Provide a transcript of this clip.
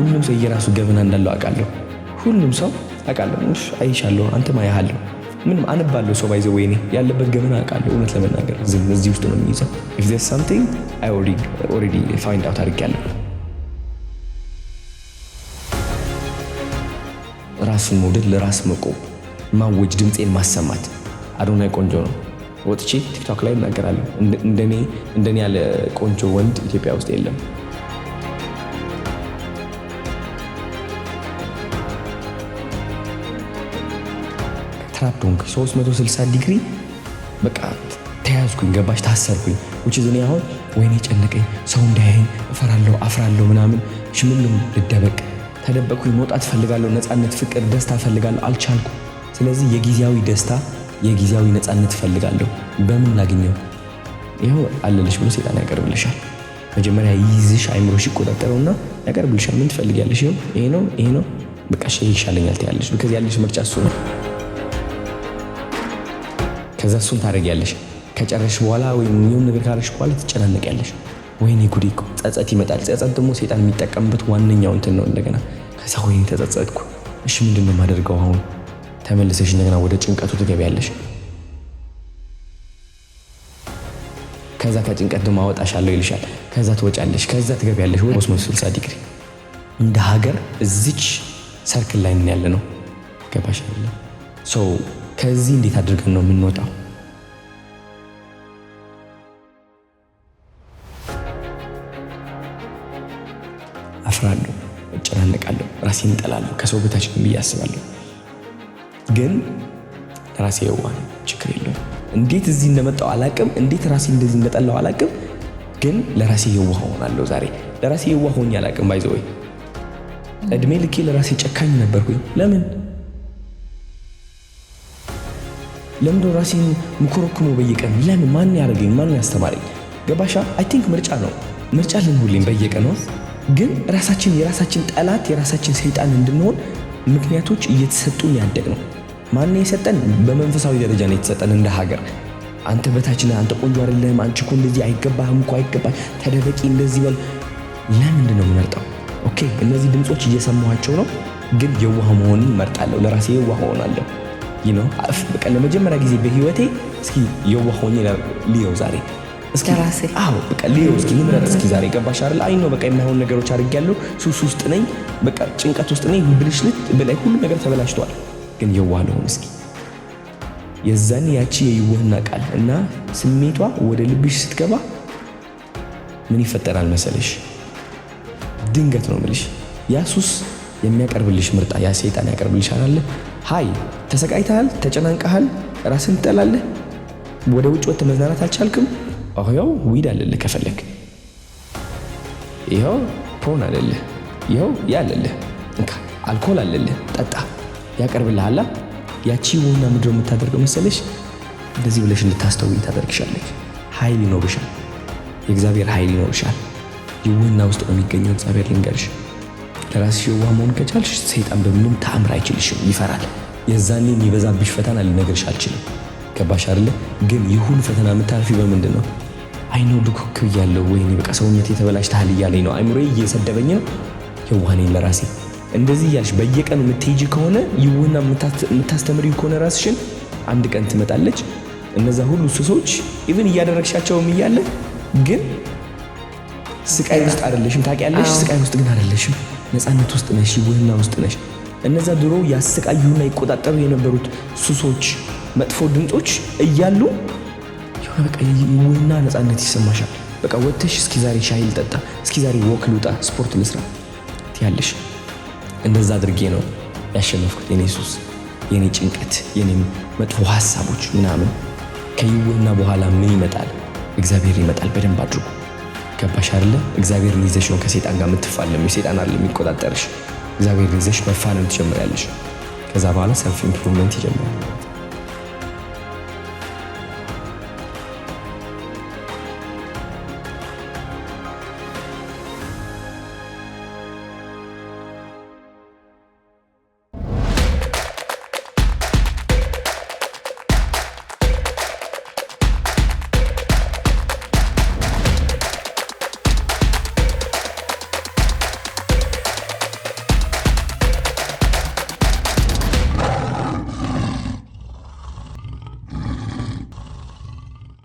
ሁሉም ሰው የራሱ ገበና እንዳለው አውቃለሁ። ሁሉም ሰው አውቃለሁ፣ አይሻለሁ፣ አንተም አያሃለሁ። ምንም አነባለሁ። ሰው ባይዘ ወይኔ ያለበት ገበና አውቃለሁ። እውነት ለመናገር ዝም እዚህ ውስጥ ነው የሚይዘው። ኢፍ ዜርስ ሳምቲንግ አይ ኦልሬዲ ፋይንድ አውት አድርጌያለሁ። ራስን መውደድ፣ ለራስ መቆም፣ ማወጅ፣ ድምፄን ማሰማት አዶናይ ቆንጆ ነው። ወጥቼ ቲክቶክ ላይ እናገራለሁ። እንደኔ ያለ ቆንጆ ወንድ ኢትዮጵያ ውስጥ የለም። ትራፕድ ሆንኩኝ 360 ዲግሪ በቃ ተያዝኩኝ፣ ገባሽ ታሰርኩኝ። ውጭ ዝኔ አሁን ወይኔ ጨነቀኝ፣ ሰው እንዳያይን እፈራለሁ፣ አፍራለሁ ምናምን ሽምልም ልደበቅ ተደበቅኩኝ። መውጣት ፈልጋለሁ፣ ነፃነት፣ ፍቅር፣ ደስታ ፈልጋለሁ፣ አልቻልኩ። ስለዚህ የጊዜያዊ ደስታ የጊዜያዊ ነፃነት ፈልጋለሁ። በምን ላግኘው? ይኸው አለልሽ ብሎ ሴጣን ያቀርብልሻል። መጀመሪያ ይይዝሽ፣ አይምሮሽ ይቆጣጠረውና ያቀርብልሻል። ምን ትፈልጊያለሽ? ይሄ ነው ይሄ ነው በቃ ይሻለኛል ትያለሽ። ከዚህ ያለሽ ምርጫ እሱ ነው። ከዛ እሱን ታደርጊያለሽ። ከጨረሽ በኋላ ወይም የሆነ ነገር ካረሽ በኋላ ትጨናነቂያለሽ። ወይኔ ጉዴ እኮ ጸጸት ይመጣል። ጸጸት ደግሞ ሴጣን የሚጠቀምበት ዋነኛው እንትን ነው። እንደገና ከዛ ወይኔ ተጸጸትኩ፣ እሺ ምንድን ነው የማደርገው አሁን? ተመልሰሽ እንደገና ወደ ጭንቀቱ ትገቢያለሽ። ከዛ ከጭንቀት ደግሞ አወጣሻለሁ ይልሻል። ከዛ ትወጫለሽ። ከዛ ትገቢያለሽ ወደ 360 ዲግሪ። እንደ ሀገር እዚች ሰርክል ላይ ያለ ነው። ገባሽ? ሰው ከዚህ እንዴት አድርገን ነው የምንወጣው? አፍራለሁ፣ እጨናነቃለሁ፣ ራሴን እንጠላለሁ፣ ከሰው በታች ብዬ አስባለሁ። ግን ራሴ የዋህ ችግር የለውም። እንዴት እዚህ እንደመጣው አላቅም፣ እንዴት ራሴ እንደዚህ እንደጠላው አላቅም። ግን ለራሴ የዋህ ሆናለሁ። ዛሬ ለራሴ የዋህ ሆኜ አላቅም። ባይዘወይ እድሜ ልኬ ለራሴ ጨካኝ ነበርኩኝ። ለምን ለምንድነው ራሴን ምኮረኩሞ በየቀን? ለምን ማን ያደረገኝ? ማን ያስተማረኝ? ገባሻ? አይ ቲንክ ምርጫ ነው ምርጫ ልንሁልኝ በየቀን ነው። ግን ራሳችን የራሳችን ጠላት የራሳችን ሰይጣን እንድንሆን ምክንያቶች እየተሰጡን ያደግ ነው። ማን የሰጠን? በመንፈሳዊ ደረጃ ነው የተሰጠን እንደ ሀገር። አንተ በታችን አንተ ቆንጆ አይደለም፣ አንቺ እኮ እንደዚህ አይገባህም እኮ አይገባ፣ ተደበቂ፣ እንደዚህ በል። ለምንድን ነው የምመርጠው? ኦኬ እነዚህ ድምፆች እየሰማኋቸው ነው፣ ግን የዋህ መሆንን እመርጣለሁ። ለራሴ የዋህ እሆናለሁ። በቃ ለመጀመሪያ ጊዜ በህይወቴ እስኪ የዋህ ሆኜ ልየው ዛሬ እስኪ ልምረት እስኪ ዛሬ ገባሽ አይደል? አይ ነው በቃ የማይሆን ነገሮች አድርጌያለሁ፣ ሱስ ውስጥ ነኝ፣ በቃ ጭንቀት ውስጥ ነኝ፣ ብልሽልት በላይ ሁሉ ነገር ተበላሽቷል። ግን የዋህ ልሆን እስኪ የዛን ያቺ የይውህና ቃል እና ስሜቷ ወደ ልብሽ ስትገባ ምን ይፈጠራል መሰለሽ? ድንገት ነው ምልሽ ያ ሱስ የሚያቀርብልሽ ምርጣ ያ ሰይጣን ያቀርብልሽ አላለ ሀይ ተሰቃይተሃል፣ ተጨናንቀሃል፣ ራስን ትጠላለህ፣ ወደ ውጭ ወጥተህ መዝናናት አልቻልክም። ያው ዊድ አለልህ ከፈለግ ይኸው ፖርን አለልህ፣ ይኸው ያ አለልህ፣ እንካ አልኮል አለልህ፣ ጠጣ ያቀርብልሃላ። ያቺ ውና ምድር የምታደርገው መሰለሽ እንደዚህ ብለሽ እንድታስተውይ ታደርግሻለች። ኃይል ይኖርሻል፣ የእግዚአብሔር ኃይል ይኖርሻል። የውና ውስጥ በሚገኘው እግዚአብሔር ልንገርሽ፣ ለራስሽ የዋህ መሆን ከቻልሽ ሰይጣን በምንም ተአምር አይችልሽም፣ ይፈራል። የዛኔ የሚበዛብሽ ፈተና ልነግርሽ አልችልም። ገባሽ አይደለ? ግን ይሁን ፈተና የምታልፊው በምንድን ነው? አይነው ድኩክ እያለው ወይኔ በቃ ሰውነት የተበላሽተሃል እያለኝ ነው። አይምሮ እየሰደበኝ ነው። የዋኔን ለራሴ እንደዚህ እያልሽ በየቀኑ የምትሄጂ ከሆነ ይውና የምታስተምሪ ከሆነ ራስሽን አንድ ቀን ትመጣለች። እነዛ ሁሉ ሱሶች ኢቭን እያደረግሻቸውም እያለ ግን ስቃይ ውስጥ አይደለሽም። ታውቂያለሽ፣ ስቃይ ውስጥ ግን አይደለሽም። ነፃነት ውስጥ ነሽ፣ ይውህና ውስጥ ነሽ። እነዛ ድሮ ያሰቃዩና ይቆጣጠሩ የነበሩት ሱሶች፣ መጥፎ ድምፆች እያሉ የሆነ በቃ የሙና ነፃነት ይሰማሻል። በቃ ወጥተሽ እስኪ ዛሬ ሻይ ልጠጣ፣ እስኪ ዛሬ ወክ ልውጣ፣ ስፖርት ልስራ ትያለሽ። እንደዛ አድርጌ ነው ያሸነፍኩት። የኔ ሱስ፣ የኔ ጭንቀት፣ የኔ መጥፎ ሀሳቦች ምናምን ከይውና በኋላ ምን ይመጣል? እግዚአብሔር ይመጣል። በደንብ አድርጉ ገባሽ አይደለ? እግዚአብሔር ሊይዘሽ ነው ከሴጣን ጋር የምትፋለሚው። ሴጣን አይደለም የሚቆጣጠርሽ። እግዚአብሔር ይዘሽ መፋለም ትጀምሪያለሽ። ከዛ በኋላ ሰልፍ ኢምፕሩቭመንት ይጀምራል።